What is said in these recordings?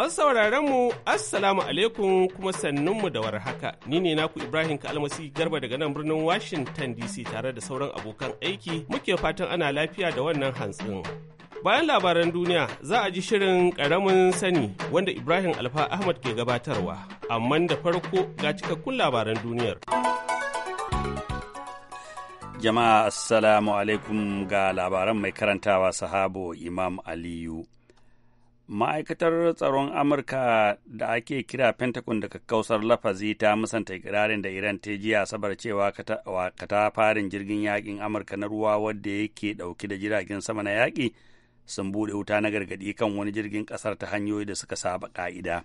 Masu sauraron mu Assalamu alaikum kuma sannunmu da warhaka. Ni ne naku Ibrahim Kalmasi Garba daga nan birnin Washington DC tare da sauran abokan aiki muke fatan ana lafiya da wannan hantsin. Bayan labaran duniya za a ji shirin ƙaramin sani wanda Ibrahim Alfa Ahmad ke gabatarwa, amma da farko ga cikakkun labaran duniyar. Jama'a Assalamu alaikum ga labaran mai karantawa sahabo Imam Aliyu. ma'aikatar tsaron amurka da ake kira pentagon da kakkausar lafazi ta musanta ikirarin da iran ta jiya sabar cewa katafarin jirgin yakin amurka na ruwa wadda yake dauke da jiragen sama na yaƙi sun buɗe wuta na gargadi kan wani jirgin ƙasar ta hanyoyi da suka saba ka'ida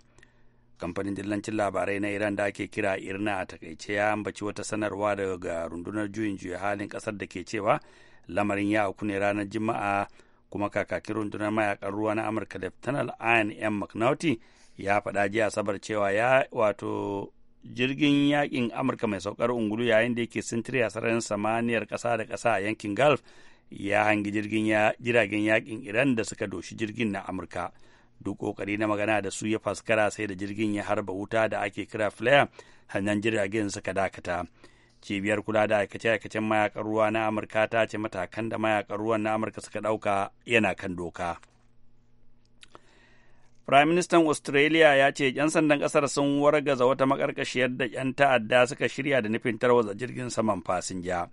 kamfanin dillancin labarai na iran da ake kira irna a takaice ya ambaci wata sanarwa daga rundunar juyin juya halin ƙasar da ke cewa lamarin ya ne ranar juma'a kuma kakakin rundunar mayakan ruwa na amurka tanal ian m mcnaughty ya faɗa jiya asabar cewa ya wato jirgin yakin amurka mai saukar ungulu yayin da yake sintiri a sararin samaniyar ƙasa da ƙasa a yankin gulf ya hangi jirgin jiragen yakin iran da suka doshi jirgin na amurka duk kokari na magana da su ya faskara sai da jirgin ya harba wuta da ake kira flare sannan jiragen suka dakata cibiyar kula da aikace-aikacen mayakan ruwa na amurka ta ce matakan da mayakan ruwan na amurka suka ɗauka yana kan doka Prime Minister Australia ya ce 'yan sandan kasar sun wargaza wata makarkashiyar da 'yan ta'adda suka shirya da nufin tarwatsa jirgin saman fasinja.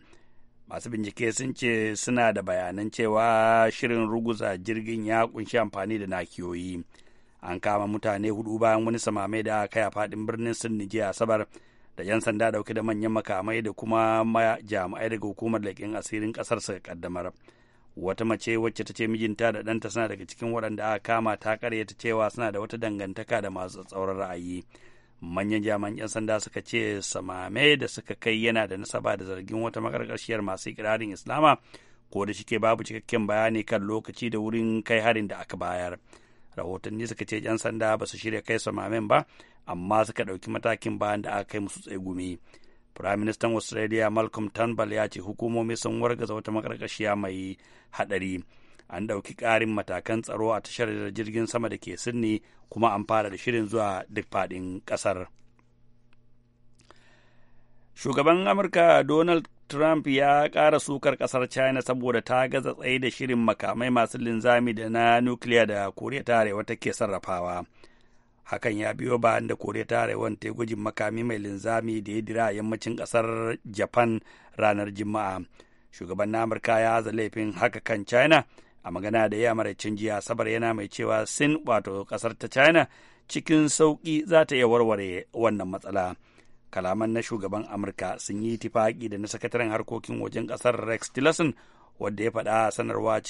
Masu bincike sun ce suna da bayanan cewa shirin ruguza jirgin ya kunshi amfani da nakiyoyi. An kama mutane hudu bayan wani samame da aka yi a faɗin birnin sun jiya Asabar. da 'yan sanda dauke da manyan makamai da kuma jami'ai daga hukumar leƙen asirin ƙasar suka kaddamar wata mace wacce ta ce mijinta da ɗanta suna daga cikin waɗanda aka kama ta karyata cewa suna da wata dangantaka da masu tsauran ra'ayi manyan jami'an 'yan sanda suka ce samame da suka kai yana da nasaba da zargin wata makarƙashiyar masu ikirarin islama ko da shike babu cikakken bayani kan lokaci da wurin kai harin da aka bayar rahotanni suka ce 'yan sanda ba su shirya kai samamen ba amma suka ɗauki matakin bayan da aka kai musu tsegumi firaministan australia malcolm turnbull ya ce hukumomi sun wargaza wata makarkashiya mai haɗari an ɗauki ƙarin matakan tsaro a tashar jirgin sama da ke sinni kuma an fara da shirin zuwa duk faɗin ƙasar shugaban amurka donald trump ya ƙara sukar ƙasar china saboda ta gaza tsaye da shirin makamai masu linzami da na nukiliya da koriya ta arewa take sarrafawa hakan ya biyo bayan da koriya ta arewan ta gwajin makami mai linzami da ya dira yammacin kasar japan ranar juma'a shugaban na amurka ya haza laifin haka kan china a magana da ya canji jiya sabar yana mai cewa sin wato kasar ta china cikin sauƙi za ta iya warware wannan matsala kalaman na shugaban amurka sun yi tifaƙi da na sakataren harkokin wajen ƙasar rex tillerson wadda ya faɗa sanarwa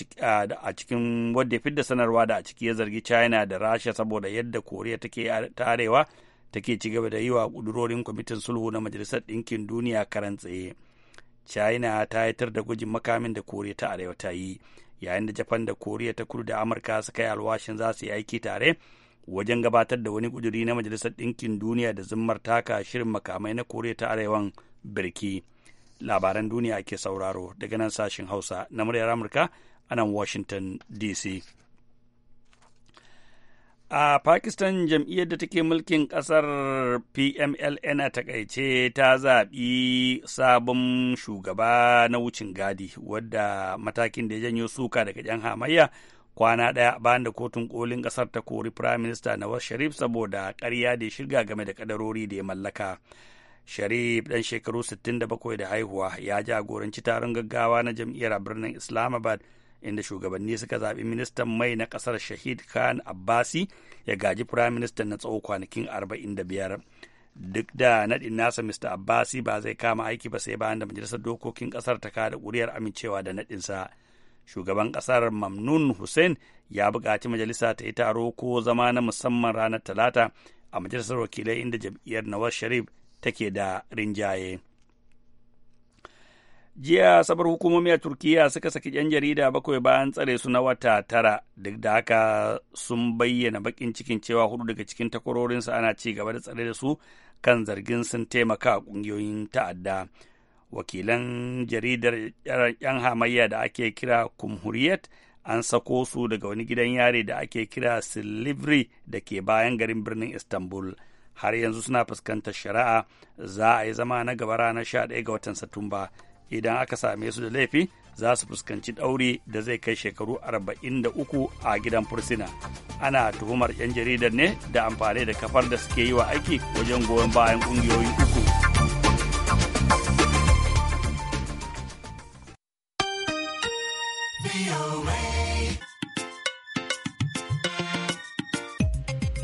a cikin wadda ya fidda sanarwa da a ciki ya zargi china da rasha saboda yadda koriya take ta take ci gaba da yi wa kudurorin kwamitin sulhu na majalisar ɗinkin duniya karan tsaye china ta haitar da gujin makamin da koriya ta arewa ta yi yayin da japan da koriya ta kudu da amurka suka yi alwashin za su yi aiki tare wajen gabatar da wani kuduri na majalisar ɗinkin duniya da zimmar taka shirin makamai na koriya ta arewan birki labaran duniya ke sauraro daga nan sashen hausa na muryar amurka a nan washington dc a pakistan jam'iyyar da take mulkin kasar pmln a takaice ta zaɓi sabon shugaba na wucin gadi wadda matakin da ya janyo suka daga yan hamayya kwana ɗaya bayan da kotun kolin ƙasar ta kori prime minister nawaz sharif saboda ƙarya da shirga game da kadarori da ya mallaka Sharif ɗan shekaru 67 da haihuwa ya jagoranci taron gaggawa na jam'iyyar a birnin Islamabad inda shugabanni suka zaɓi ministan mai na ƙasar Shahid Khan Abbasi ya gaji firaministan na tsawo kwanakin 45. Duk da naɗin nasa Mr. Abbasi ba zai kama aiki ba sai bayan da majalisar dokokin ƙasar ta kada ƙuri'ar amincewa da naɗinsa. shugaban ƙasar mamnun hussein ya buƙaci majalisa ta yi taro ko zama na musamman ranar talata a majalisar wakilai inda jam'iyyar nawaz sharif take da rinjaye. jiya sabar hukumomi a turkiyya suka saki 'yan jarida bakwai bayan tsare su na wata tara duk da haka sun bayyana bakin cikin cewa hudu daga cikin takwarorinsu ana ci gaba da tsare da su kan zargin sun taimaka a ƙungiyoyin ta'adda wakilan jaridar yan hamayya da ake kira kumhuriyet an sako su daga wani gidan yare da ake kira silivri da ke bayan garin birnin istanbul har yanzu suna fuskantar shari'a za a yi zama na gaba ranar 11 ga watan satumba idan aka same su da laifi za su fuskanci ɗauri da zai kai shekaru arba'in da uku a gidan fursuna ana tuhumar 'yan jaridar ne da amfani da kafar da suke yi wa aiki wajen goyon bayan ƙungiyoyin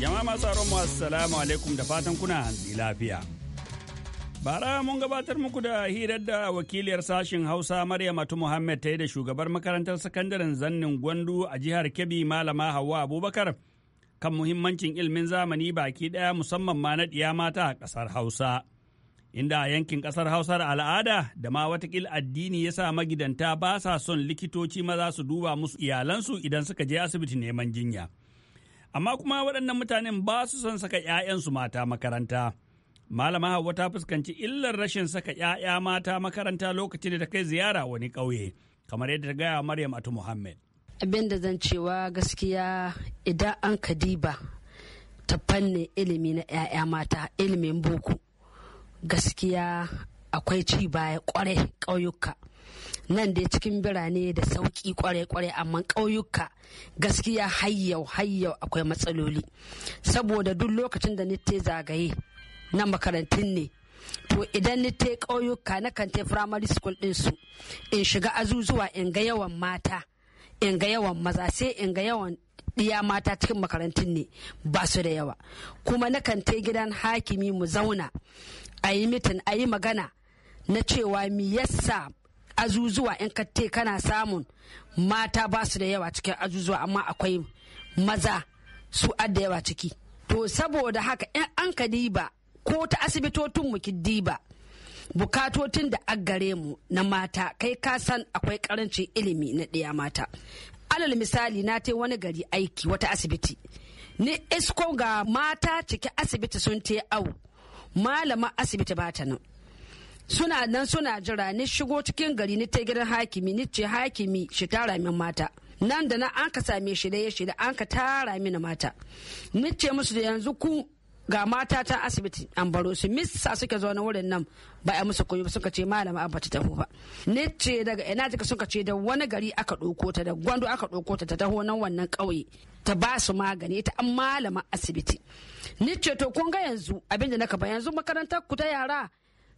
Jama'a masu mu assalamu alaikum da fatan kuna hanzi lafiya. Bara mun gabatar muku da hirar da wakiliyar sashen Hausa Maryam Atu Muhammad ta yi da shugabar makarantar sakandaren zannin Gwandu a jihar Kebbi Malama Hauwa Abubakar kan muhimmancin ilmin zamani baki ɗaya musamman ma na ɗiya mata a ƙasar Hausa. Inda a yankin ƙasar Hausa da al'ada da ma watakil addini ya sa magidanta ba sa son likitoci maza su duba musu iyalansu idan suka je asibiti neman jinya. amma kuma waɗannan mutanen ba su son saka 'ya'yansu mata makaranta. Malama Hauwa ta fuskanci illar rashin saka 'ya'ya mata makaranta lokacin da ta kai ziyara wani ƙauye, kamar yadda ta gaya Maryam Atu Muhammad. Abin da zan cewa gaskiya idan an kadiba ta fannin ilimi na 'ya'ya mata ilimin boko gaskiya akwai ci baya kwarai ƙauyuka. nan dai cikin birane da sauki kwarai-kwarai amma ƙauyuka gaskiya hayyau hayyau akwai matsaloli saboda duk lokacin da nite zagaye na makarantun ne to idan nite kauyuka ƙauyuka na kan primary school ɗinsu in shiga azuzuwa in ga yawan mata in ga yawan maza sai in ga yawan ɗiya mata cikin makarantun ne ba su da yawa kuma na kan gidan hakimi mu zauna a yi mitin a yi magana na cewa mi yasa azuzuwa in ka te kana samun mata ba su da yawa cikin azuzuwa amma akwai maza su adda yawa ciki to saboda haka in an ka diba ko ta asibitotin mu ki diba bukatotin da an gare mu na mata kai ka san akwai karancin ilimi na ɗaya mata alal misali na ta wani gari aiki wata asibiti ni isko ga mata ciki asibiti sun te au malama asibiti ba ta nan suna nan suna jira ni shigo cikin gari ni ta gidan hakimi ni ce hakimi shi tara min mata nan da nan an ka same shi da ya shi da an ka tara mini mata ni ce musu da yanzu ku ga mata ta asibiti an baro su missa suke zo na wurin nan ba a musu kuyi suka ce malama abba ta taho ba ni ce daga ina jika suka ce da wani gari aka ɗauko ta da gwando aka ɗauko ta ta taho nan wannan kauye ta ba su magani ta an malama asibiti ni ce to kun ga yanzu abinda naka ba yanzu makarantar ku ta yara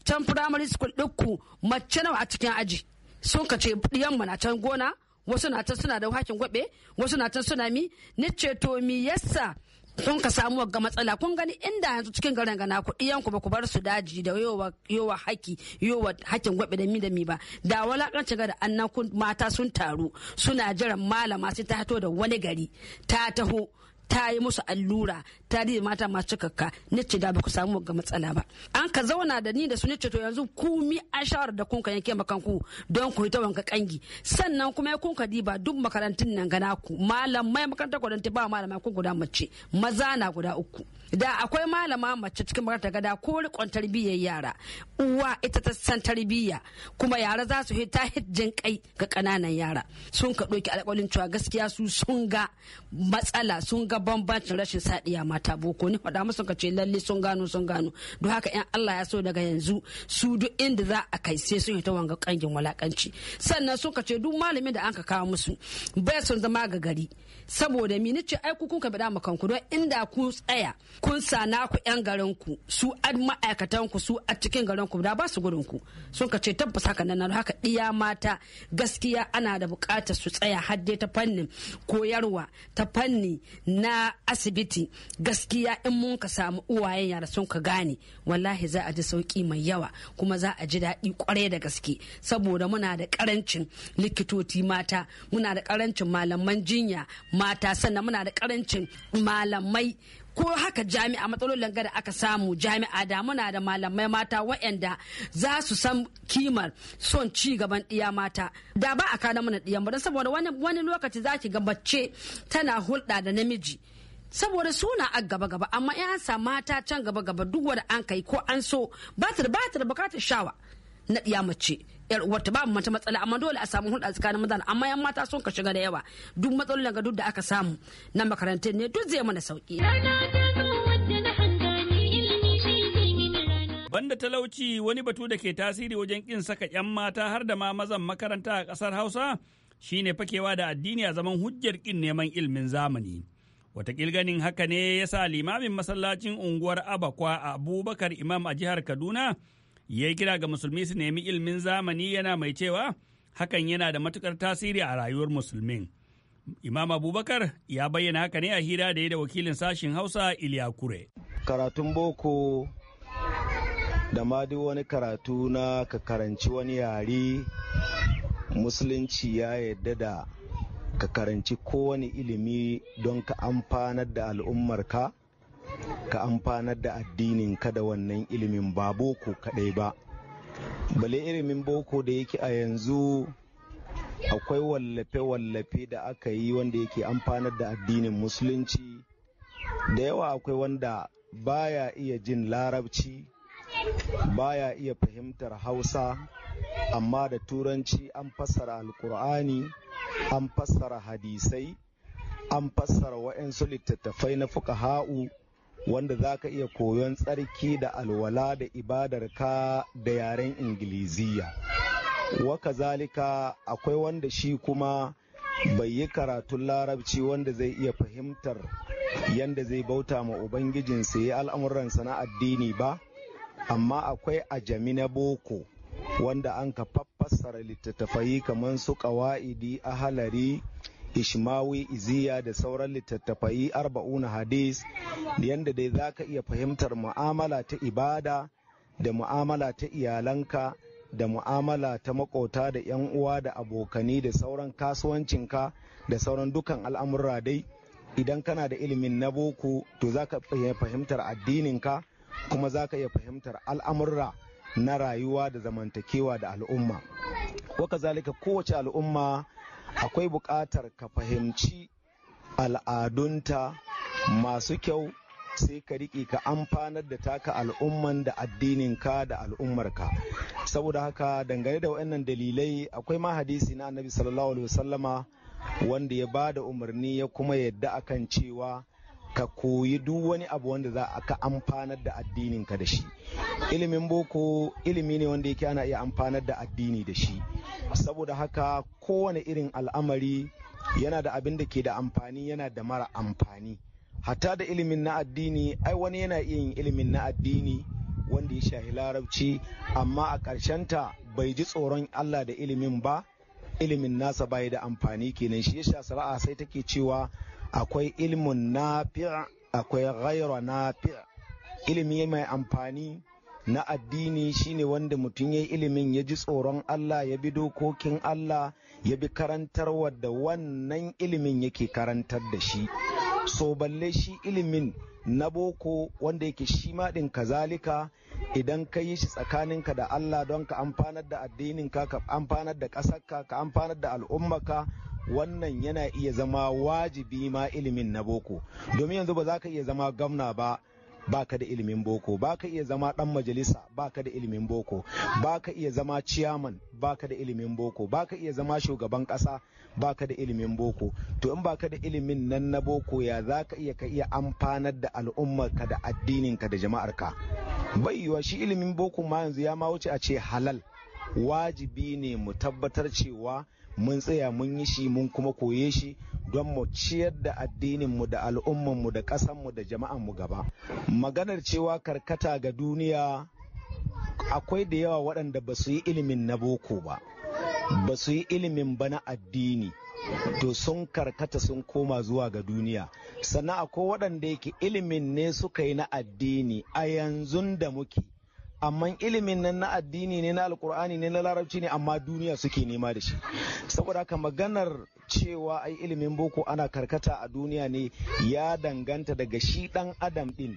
can primary school ɗinku mace nawa a cikin aji sun ka ce na can gona wasu na can suna da hakin gwabe wasu na can suna mi ni ce to mi yasa sun ka samu ga matsala kun gani inda yanzu cikin garin gana ku iyanku ba ku bar su daji da yowa yowa haki yowa hakin gwabe da mi da mi ba da walakancin ga da annan mata sun taru suna jiran malama sai ta hato da wani gari ta taho ta yi musu allura ta da mata masu cikakka na ce da ba ku samu ga matsala ba an ka zauna da ni da su ce to yanzu ku mi a shawar da kuka yanke ku don ku yi ta wanka kangi sannan kuma ya kunka diba duk makarantun nan gana ku malamai makarantar kwadanta ba malamai kun guda mace maza na guda uku da akwai malama mace cikin mara gada ko rikon tarbiyyar yara uwa ita ta san tarbiyya kuma yara za su ta hijjin kai ga kananan yara sun ka ɗauki alƙalin cewa gaskiya su sun ga matsala sun ga bambancin rashin saɗiya mata boko ni faɗa musu ka ce lalle sun gano sun gano don haka yan Allah ya so daga yanzu su duk inda za a kai sai sun ta wanga kangin walakanci sannan sun ka ce duk malamin da an ka kawo musu bai sun zama ga gari saboda mi ni ce ai ku kun ka bada makanku don inda ku tsaya kun sa naku yan garin ku su ad ma'aikatan ku su a cikin garin ku da ba su gurin ku sun ka ce tabbas haka nan haka iya mata gaskiya ana da bukatar su tsaya hadde ta fannin koyarwa ta fanni na asibiti gaskiya in mun ka samu uwayen yara sun ka gane wallahi za a ji sauki mai yawa kuma za a ji daɗi kwarai da gaske saboda muna da karancin likitoci mata muna da karancin malaman jinya mata sannan muna da karancin malamai ko haka jami'a matsalolin da aka samu jami'a da muna da malamai mata waɗanda za su san kimar son ci gaban ɗiya mata da ba a kana mana ɗiyan ba saboda wani lokaci za ki ga tana hulɗa da namiji saboda suna a gaba gaba amma in sa mata can gaba gaba duk wanda an kai ko an so ba ta da bukatar shawa na ɗiya mace yar uwarta ba mu mace matsala amma dole a samu hulɗa tsakanin maza amma yan mata sun ka shiga da yawa duk matsalolin ga duk da aka samu na makaranta ne duk zai mana sauki. banda talauci wani batu da ke tasiri wajen kin saka 'yan mata har da ma mazan makaranta a ƙasar hausa shine fakewa da addini a zaman hujjar kin neman ilimin zamani watakil ganin haka ne ya sa limamin masallacin unguwar abakwa a abubakar imam a jihar kaduna ya yi kira ga musulmi su nemi ilimin zamani yana mai cewa hakan yana da matukar tasiri a rayuwar musulmin. Imam Abubakar ya bayyana haka ne a hira da ya da wakilin sashin Hausa Iliya Kure. Karatun boko da ma duk wani karatu na ka karanci wani yare musulunci ya yarda da ka karanci kowane ilimi don ka amfanar da al'ummarka ka amfanar da addinin ka da wannan ilimin ba boko kaɗai ba bale ilimin boko da yake a yanzu akwai wallafe-wallafe da aka yi wanda yake amfanar da addinin musulunci da yawa akwai wanda baya iya jin larabci baya iya fahimtar hausa amma da turanci an fassara alkur'ani an fassara hadisai an fassara wa'yansu littattafai na fuka ha'u wanda za ka iya koyon tsarki da alwala da ibadar ka da yaren ingiliziya waka zalika akwai wanda shi kuma bai yi karatun larabci wanda zai iya fahimtar yadda zai bauta ma ubangijinsa ya al'amuransa na addini ba amma akwai ajami na boko wanda an ka faffassara littattafai kamar su a halari ishmawi iziya da sauran littattafai na hadis yadda dai za ka iya fahimtar mu'amala ta ibada da mu'amala ta iyalanka da mu'amala ta makota da 'yan uwa da abokani da sauran kasuwancinka da sauran dukan al'amurra dai idan kana da ilimin na boko to za ka iya fahimtar addininka kuma za ka iya fahimtar al'amurra na rayuwa da zamantakewa da al'umma zalika kowace al'umma akwai buƙatar ka fahimci al'adunta masu kyau sai ka riƙe ka amfanar da taka al'umman da addininka da al'ummarka saboda haka dangane da waɗannan dalilai akwai mahadisi hadisi na annabi sallallahu alaihi wasallama wanda ya ba da umarni ya kuma yadda akan cewa ka koyi duk wani abu wanda za a ka amfanar da addinin ka da shi ilimin boko ilimi ne wanda yake ana iya amfanar da addini da shi saboda haka kowane irin al'amari yana da abin da ke da amfani yana da mara amfani hatta da ilimin na addini ai wani yana iya yin ilimin na addini wanda ya shahi larabci amma a ƙarshenta bai ji tsoron allah da ilimin ba ilimin nasa bai da amfani kenan shi ya sha sara'a sai take cewa akwai ilmun nafi' akwai na nafi' ilimi mai amfani na addini shine wanda mutum ya yi ilimin ya ji tsoron Allah ya bi dokokin Allah ya bi karantar da wannan ilimin yake karantar da shi so balle shi ilimin na boko wanda yake shi maɗin kazalika idan ka yi shi tsakaninka da Allah don ka amfanar da addininka ka amfanar da ƙasarka ka amfanar da al'ummaka. wannan yana iya zama wajibi ma ilimin na boko domin yanzu ba za ka iya zama gwamna ba baka da ilimin boko baka iya zama dan majalisa baka da ilimin boko baka iya zama ciyaman baka da ilimin boko baka iya zama shugaban kasa baka da ilimin boko to in baka da ilimin nan na boko ya za ka iya ka iya amfanar da al'ummarka da addininka da jama'arka bai yiwa shi ilimin boko ma yanzu ya ma wuce a ce halal wajibi ne mu tabbatar cewa mun tsaya mun yi shi mun kuma koye shi don mu ciyar da addininmu da al'ummanmu da ƙasanmu da jama'anmu gaba maganar cewa karkata ga duniya akwai da yawa waɗanda ba su yi ilimin na boko ba ba su yi ilimin ba na addini to sun karkata sun koma zuwa ga duniya sannan akwai waɗanda yake ilimin ne suka yi na addini a yanzun da muke amma ilimin nan na addini ne na alkur'ani ne na larabci ne amma duniya suke nema da shi saboda haka maganar cewa ai ilimin boko ana karkata a duniya ne ya danganta daga shi dan adam din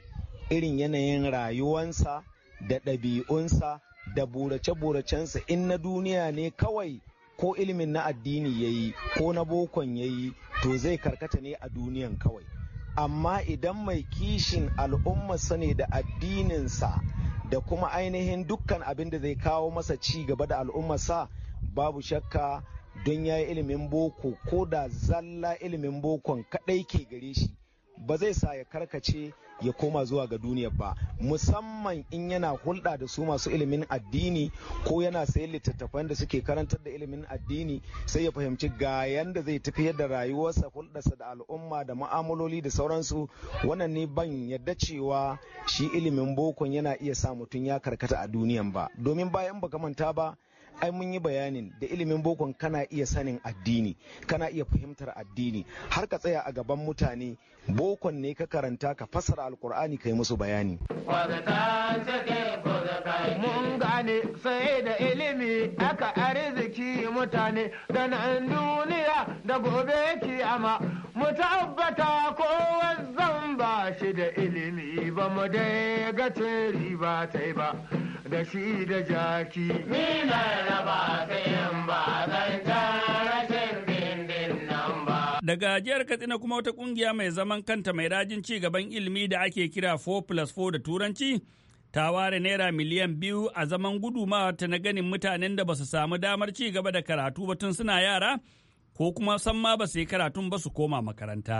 irin yanayin rayuwansa da ɗabi'unsa da burace-buracensa in na duniya ne kawai ko ilimin na addini ya yi ko na bokon ya yi to zai karkata ne a duniyan kawai amma idan mai kishin al'ummarsa ne da addininsa da kuma ainihin dukkan abin da zai kawo masa ci gaba da al'ummarsa babu shakka don ya yi ilimin boko ko da zalla ilimin bokon kadai ke gare shi ba zai sa ya karkace ya koma zuwa ga duniya ba musamman in yana hulɗa da su masu ilimin addini ko yana sayan littattafan da suke karantar da ilimin addini sai ya fahimci ga yanda zai tafiyar da rayuwarsa hulɗarsa da al'umma da ma'amaloli da sauransu wannan ne ban yadda cewa shi ilimin bokon yana iya sa mutum ya karkata a duniyan ba domin bayan baka manta ba ai mun yi bayanin da ilimin bokon kana iya sanin addini kana iya fahimtar addini har ka tsaya a gaban mutane bokon ne ka karanta ka fassara alkur'ani ka yi musu bayani mun gane sai da ilimi aka arziki mutane da nan duniya da gobe kiyama mu tabbata ko zan ba shi da ilimi ba mu dai ga ba ta yi ba da shi da jaki ni na raba kayan ba zan tara bindin nan ba daga jihar katsina kuma wata kungiya mai zaman kanta mai rajin ci gaban ilimi da ake kira 4 plus 4 da turanci ta ware naira miliyan biyu a zaman gudumawa ta na ganin mutanen da ba su samu damar ci gaba da karatu ba tun suna yara ko kuma san ma ba su yi karatun ba su koma makaranta.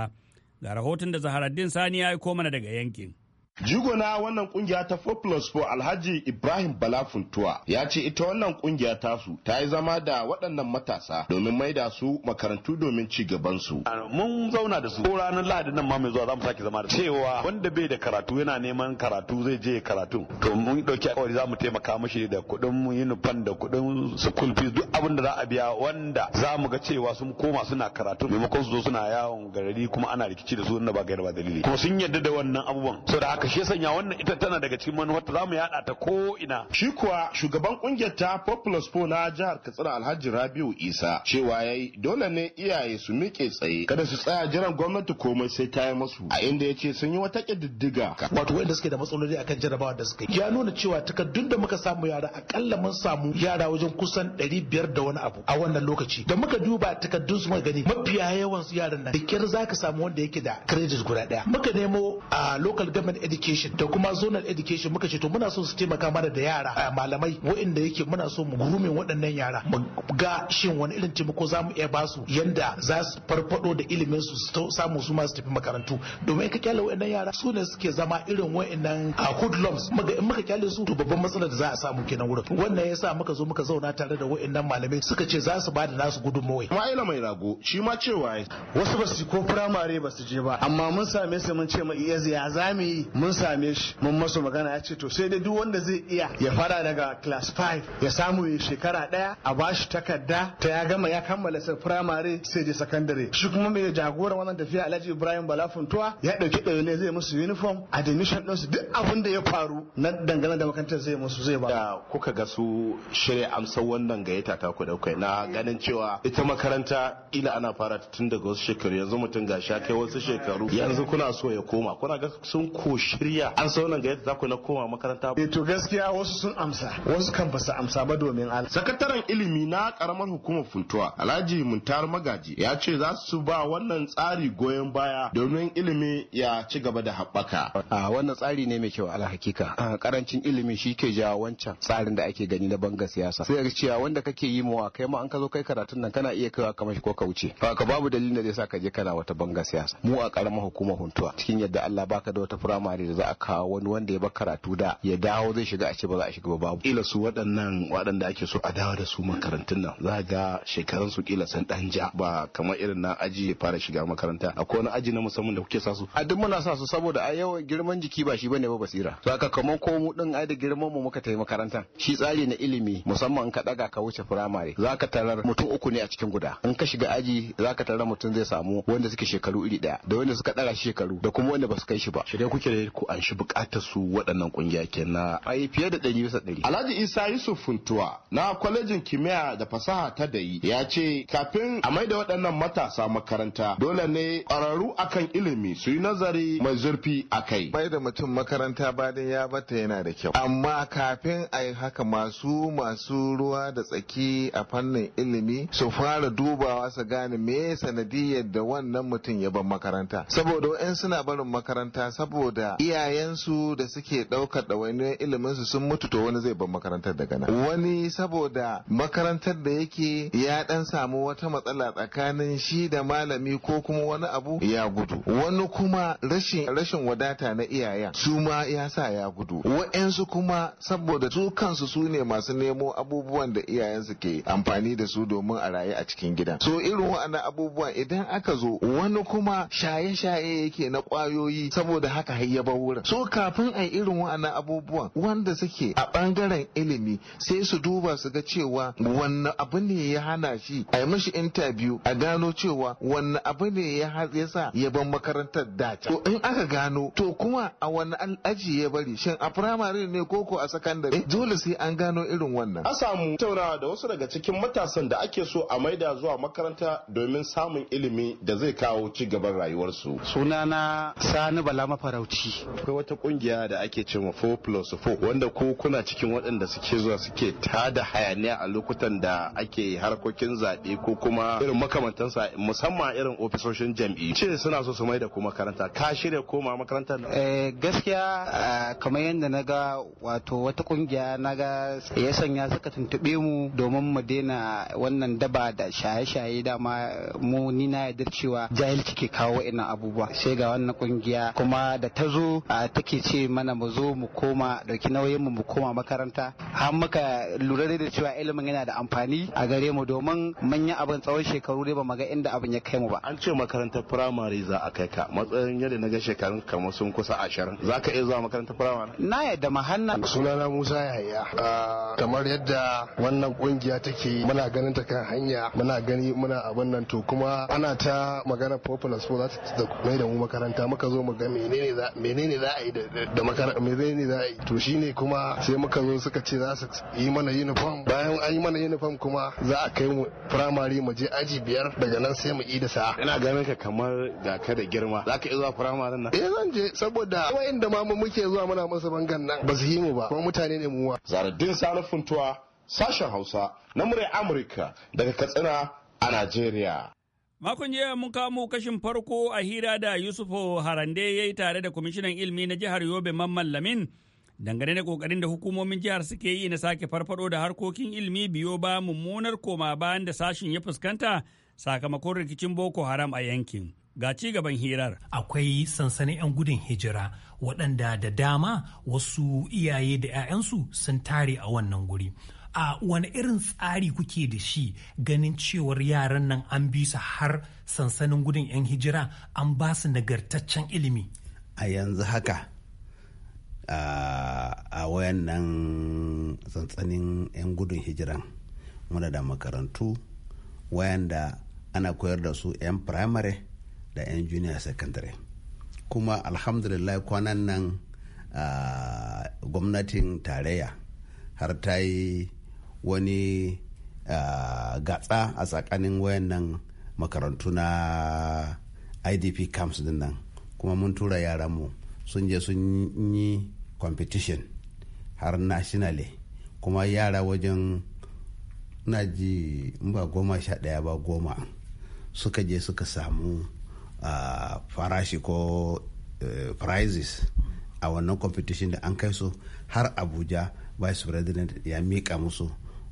Ga rahoton da Zaharaddin Sani ya aiko mana daga yankin. Jigona wannan kungiya ta 4 plus 4 Alhaji Ibrahim Bala Funtuwa ya ce ita wannan kungiya tasu ta yi zama da waɗannan matasa domin mai da su makarantu domin ci gaban su. Mun zauna da su ko ranar Lahadi nan ma mai zuwa zamu sake zama da su. Cewa wanda bai da karatu yana neman karatu zai je karatu. To mun dauki alƙawari za mu taimaka mashi da kuɗin uniform da kuɗin school fees duk abin da za a biya wanda za mu ga cewa sun koma suna karatu maimakon su zo suna yawon garari kuma ana rikici da su wanda ba gaira ba dalili. Kuma sun yarda da wannan abubuwan. Saboda haka shi sanya wannan ita tana daga cikin manufarta za mu yaɗa ta ko ina shi kuwa shugaban kungiyar ta populous po na jihar katsina alhaji rabiu isa cewa yayi dole ne iyaye su miƙe tsaye kada su tsaya jiran gwamnati komai sai ta yi musu. a inda ya ce sun yi wata ƙididdiga wato wanda suke da matsaloli akan jarabawa da suka ya nuna cewa takardun da muka samu yara akalla mun samu yara wajen kusan ɗari biyar da wani abu a wannan lokaci da muka duba takardun su muka gani mafiya yawan su yaran nan da kyar zaka samu wanda yake da credit guda ɗaya muka nemo a ah, local government education da kuma zonal education muka ce to muna so su taimaka mana da yara malamai wa'inda yake muna so mu gurumin waɗannan yara mu ga shin wani irin taimako za mu iya basu yanda za su farfado da ilimin su samu su ma su tafi makarantu domin ka kyale waɗannan yara su ne suke zama irin waɗannan hoodlums muka in muka kyale su to babban matsalar da za a samu kenan wurin wannan yasa muka zo muka zauna tare da waɗannan malamai suka ce za su ba da nasu gudunmawai. Ma'aila mai rago shi ma cewa wasu ba su ko firamare ba su je ba amma mun same su mun ce ma iya ya za mu yi mun same shi mun masu magana ya ce to sai dai duk wanda zai iya ya fara daga class 5 ya samu ya shekara daya a bashi takarda ta ya gama ya kammala sa primary sai je secondary shi kuma mai jagoran wannan tafiya Alhaji Ibrahim Balafuntuwa ya dauki dauke ne zai musu uniform admission din su duk abin da ya faru na dangane da makarantar zai musu zai ba kuka ga su shirya amsar wannan gayyata ta ku daukai na ganin cewa ita makaranta ila ana fara tun daga wasu shekaru yanzu mutum ga sha kai wasu shekaru yanzu kuna so ya koma kuna ga sun koshi shirya an sauna ga yadda za ku na koma makaranta. Eh to gaskiya wasu sun amsa wasu kan ba amsa ba domin Allah. Sakataren ilimi na karamar hukumar Funtuwa Alhaji Muntar Magaji ya ce za su ba wannan tsari goyon baya domin ilimi ya ci gaba da haɓaka. A wannan tsari ne mai kyau alhakika. Karancin ilimi shi ke jawo wancan tsarin da ake gani na bangar siyasa. Sai ga cewa wanda kake yi mawa kai ma an ka zo kai karatun nan kana iya kaiwa kamar shi ko ka wuce. Ka babu dalilin da zai sa ka je kana wata bangar siyasa. Mu a karamar hukumar Funtuwa cikin yadda Allah baka da wata firamare tsari za a kawo wani wanda ya ba karatu da ya dawo zai shiga a ce ba za a shiga ba babu kila su waɗannan waɗanda ake so a dawo da su makarantun nan za ga shekarun su kila san dan ja ba kamar irin na aji ya fara shiga makaranta akwai wani aji na musamman da kuke sa su a duk muna sa su saboda a yawan girman jiki ba shi bane ba basira to haka kamar ko mu din ai da girman mu muka tafi makaranta shi tsari na ilimi musamman in ka daga ka wuce firamare za ka tarar mutum uku ne a cikin guda in ka shiga aji za ka tarar mutum zai samu wanda suke shekaru iri daya da wanda suka daga shekaru da kuma wanda ba su kai shi ba dai kuke Ko ku an shi bukatar su waɗannan kungiya kenan ai fiye da ɗari bisa ɗari. Alhaji Isa Yusuf Funtuwa na kwalejin kimiyya da fasaha ta dayi ya ce kafin a maida waɗannan matasa makaranta dole ne ƙwararru akan ilimi su yi nazari mai zurfi a kai. Bai da mutum makaranta bayan ya bata yana da kyau. Amma kafin a yi haka masu masu ruwa da tsaki a fannin ilimi su fara dubawa su gane me sanadiyar da wannan mutum ya bar makaranta. Saboda wa'in suna barin makaranta saboda iyayensu da suke ɗaukar wani ilimin su sun mutu to wani zai bar makarantar daga nan wani saboda makarantar da yake ya dan samu wata matsala tsakanin shi da malami ko kuma wani abu ya gudu wani kuma rashin rashin wadata na iyayen su ma ya sa ya gudu wa'ensu kuma saboda su kansu su ne masu nemo abubuwan da iyayensu ke amfani da su domin a raye a cikin gida so irin wa'annan abubuwan idan aka zo wani kuma shaye-shaye yake na kwayoyi saboda haka har bar wurin so kafin a irin wa'annan abubuwan wanda suke a bangaren ilimi sai su duba su ga cewa wannan abu ne ya hana shi a yi mashi interview a gano cewa wannan abu ne ya sa ya ban makarantar dace to in aka gano to kuma a wani aji ya bari shin a firamare ne koko a sakandare dole sai an gano irin wannan a samu tauna da wasu daga cikin matasan da ake so a maida zuwa makaranta domin samun ilimi da zai kawo ci gaban rayuwarsu sunana sani bala mafarauci su akwai wata kungiya da ake ce ma 4 plus 4 wanda ko kuna cikin waɗanda suke zuwa suke tada hayaniya a lokutan da ake harkokin zaɓe ko kuma irin makamantansa musamman irin ofisoshin jam'i ce suna so su mai da ku makaranta ka shirya koma makarantar eh gaskiya kamar yadda na ga wato wata kungiya na ga ya sanya suka tuntube mu domin mu daina wannan daba da shaye-shaye dama mu ni na yadda cewa jahilci ke kawo ina abubuwa sai ga wannan kungiya kuma da ta zo a take ce mana mu zo mu koma dauki nauyin mu mu koma makaranta har muka lura da cewa ilimin yana da amfani a gare mu domin mun yi abin tsawon shekaru dai ba mu ga inda abin ya kai mu ba an ce makaranta firamare za a kai ka matsayin yadda na ga shekarun kamar sun kusa ashirin za ka iya zuwa makaranta firamare na yadda mahanna sunana musa yahaya kamar yadda wannan kungiya take muna ganin ta kan hanya muna gani muna abin nan to kuma ana ta magana popular school za ta mai da mu makaranta muka zo mu ga menene menene za a yi da makaranta menene za a yi to shine kuma sai muka zo suka ce za su yi mana uniform bayan an yi mana uniform kuma za a kai mu primary mu je aji biyar daga nan sai mu yi da sa'a ina ganin ka kamar da ka da girma za ka iya zuwa primary nan eh zan je saboda wa'inda ma mu muke zuwa muna masa bangan nan ba su yi mu ba kuma mutane ne muwa zaradin sarufuntuwa sashen hausa na murya amurka daga katsina a najeriya Makon jiya mun kamo kashin farko a hira da Yusufu Harande ya yi tare da kwamishinan ilimi na jihar Yobe Mamman Lamin dangane da kokarin da hukumomin jihar suke yi na sake farfado da harkokin ilimi biyo ba mummunar koma bayan da sashin ya fuskanta sakamakon rikicin Boko Haram a yankin. Ga ci gaban hirar. Akwai sansanin 'yan gudun hijira waɗanda da dama wasu iyaye da 'ya'yansu sun tare a wannan guri. a wani irin tsari kuke da shi ganin cewar yaran nan an bi su har sansanin gudun 'yan hijira an ba su nagartaccen ilimi a yanzu haka a wayan nan sansanin 'yan gudun hijiran muna da makarantu wayanda ana koyar da su 'yan primary da 'yan junior secondary kuma alhamdulillah kwanan nan gwamnatin tarayya har ta yi wani gatsa a tsakanin wayannan makarantu na idp camps din nan kuma mun tura yaranmu sun je sun yi competition har nationally kuma yara wajen na ji ba goma sha daya ba goma suka je suka samu farashi ko e, prizes a wannan competition da an kai su har abuja vice president ya mika musu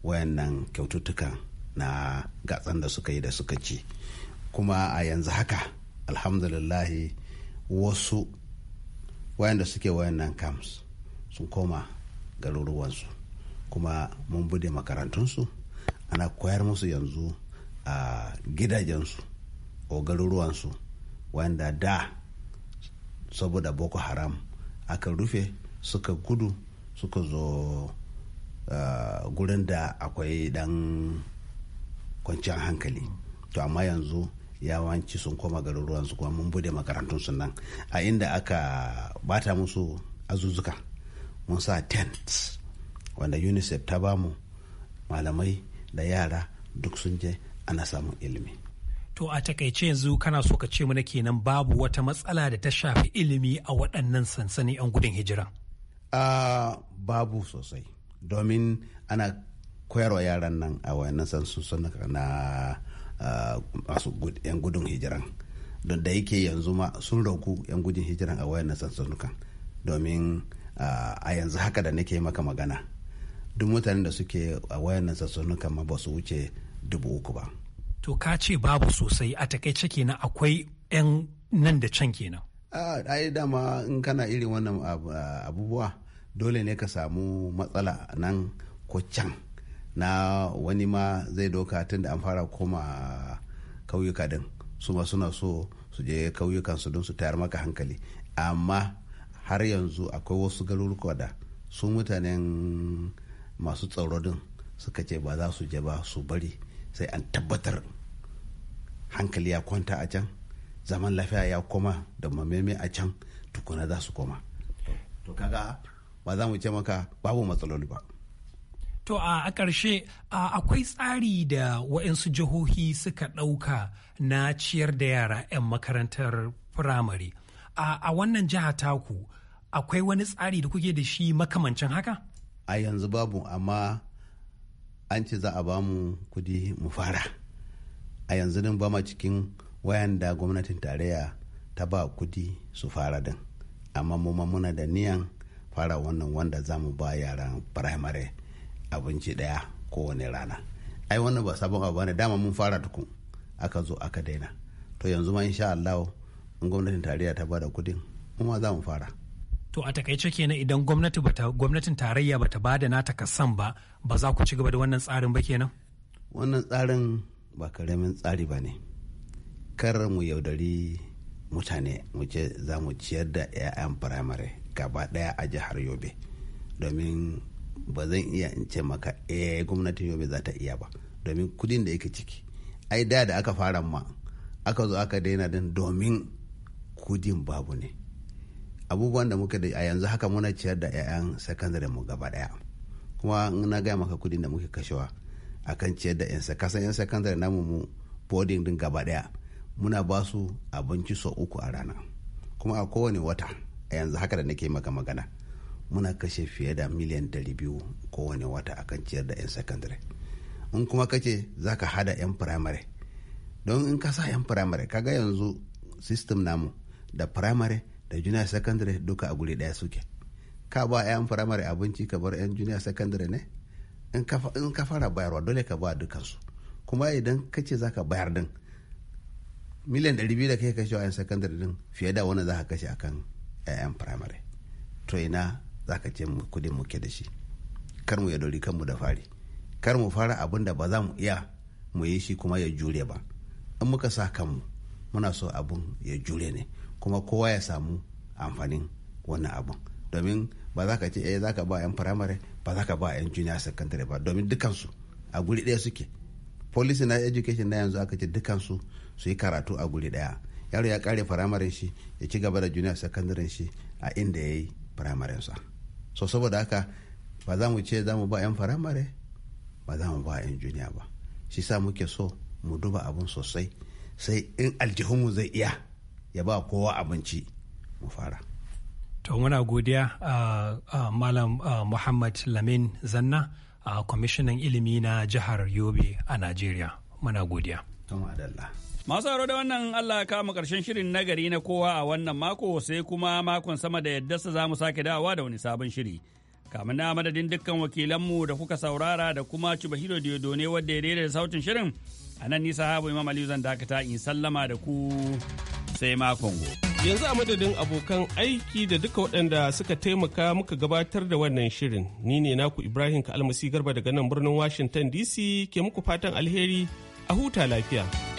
wayannan kyaututtukan na gatsan da suka yi da suka ci kuma a yanzu haka alhamdulillahi wasu wayanda suke wayannan camps sun koma garuruwansu kuma mun bude makarantunsu ana koyar musu yanzu a gidajensu ko garuruwansu wanda da saboda boko haram aka rufe suka gudu suka zo gurin da akwai dan kwanciyar hankali to amma yanzu yawanci sun koma garuruwan su kuma mun bude makarantun su nan a inda aka bata musu azuzuka mun sa tent wanda unicef ta bamu malamai da yara duk sun je ana samun ilimi To a takaice yanzu kana so ka ce mana kenan babu wata matsala da ta shafi ilimi a waɗannan sansanin 'yan gudun hijira. Uh, babu sosai. domin ana koyarwa yaran nan a wayannan sansun na masu yan gudun hijiran don da yake yanzu ma sun ragu yan gudun hijiran a wayannan sansunukan domin a yanzu haka da nake maka magana duk mutanen da suke a wayannan sansunukan ma ba su wuce dubu uku ba to ka ce babu sosai a takaice kenan akwai yan nan da can kenan yi dama in kana irin wannan abubuwa dole ne ka samu matsala nan ko can na wani ma zai doka tun da an fara koma kauyuka din su ma suna so su je kauyukan su don su tayar maka hankali amma har yanzu akwai wasu garuruka da su mutanen masu tsaro din suka ce ba za su je ba su bari sai an tabbatar hankali ya kwanta a can zaman lafiya ya koma da mamemi a can tukuna za su koma to kaga ba za mu ce maka babu matsaloli ba To a ƙarshe akwai tsari da waɗansu jihohi suka ɗauka na ciyar da yara 'yan makarantar firamare. A wannan jiha taku akwai wani tsari da kuke da shi makamancin haka? A yanzu babu amma an ce za a ba mu kudi mu fara. A yanzu din ba ma cikin wayan da gwamnatin tarayya ta ba kudi su fara din. Amma mu muna da niyan fara wannan wanda za mu ba yaran firamare abinci daya kowane rana ai wannan ba sabon abu ne dama mun fara tukun aka zo aka daina to yanzu ma insha Allah in gwamnatin tarayya ta bada kudin mu ma za mu fara to a takaice kenan idan gwamnati bata gwamnatin tarayya bata bada nata kasan ba ba za ku ci gaba da wannan tsarin ba kenan wannan tsarin ba karamin tsari ba ne kar mu yaudari mutane mu ce za mu ciyar da 'ya'yan firamare gaba daya a jihar yobe domin ba zan iya in ce maka eh gwamnatin yobe za ta iya ba domin kudin da yake ciki ai da da aka fara ma aka zo aka daina din domin kudin babu ne abubuwan da muka da a yanzu haka muna ciyar da 'ya'yan sakandare mu gaba daya kuma na gaya maka kudin da muke kashewa akan ciyar da 'yan kasan 'yan sakandare namu mu boarding din gaba daya muna ba su abinci sau uku a rana kuma a kowane wata yanzu haka da nake maka magana muna kashe fiye da miliyan 200 kowane wata akan ciyar da 'yan sakandare in kuma kace za ka hada 'yan firamare don in ka sa 'yan firamare kaga yanzu system namu da firamare da junior secondary duka a guri daya suke ka ba 'yan firamare abinci ka bar 'yan junior secondary ne in ka fara bayarwa dole ka ba dukansu kuma idan kace za ka bayar din miliyan 200 da kai kashe 'yan secondary din fiye da wani za ka kashe akan 'ya'yan firamare to ina za ka ce kudin muke da shi kar mu ya dori kan mu da fari kar mu fara abin da ba za mu iya mu yi shi kuma ya jure ba in muka sa kanmu muna so abin ya jure ne kuma kowa ya samu amfanin wannan abin domin ba za ka ce eh za ka ba 'yan firamare ba za ka ba 'yan junior secondary ba domin dukansu a guri ɗaya suke policy na education na yanzu aka ce dukansu su yi karatu a guri ɗaya yaro ya kare firamaren shi ya ci gaba da junior sakandaren shi a inda ya yi firamarin sa so saboda haka ba za mu ce za mu ba 'yan firamare ba za mu ba 'yan junior ba shi sa muke so mu duba abun sosai sai in aljihunmu zai iya ya ba kowa abinci mu fara to muna godiya a malam muhammad lamin zanna a kwamishinan ilimi na jihar yobe a najeriya muna godiya. Masu aro da wannan Allah ya kama karshen shirin nagari na kowa a wannan mako sai kuma makon sama da yadda za mu sake dawa da wani sabon shiri. kamun na madadin dukkan wakilanmu da kuka saurara da kuma Cibahiro Diodone wadda ya daidaita sautin shirin a nan nisa habu Imam Aliyu zan dakata in sallama da ku sai makon go. Yanzu a madadin abokan aiki da duka waɗanda suka taimaka muka gabatar da wannan shirin ni ne naku Ibrahim Kalmasi Garba daga nan birnin Washington DC ke muku fatan alheri a huta lafiya.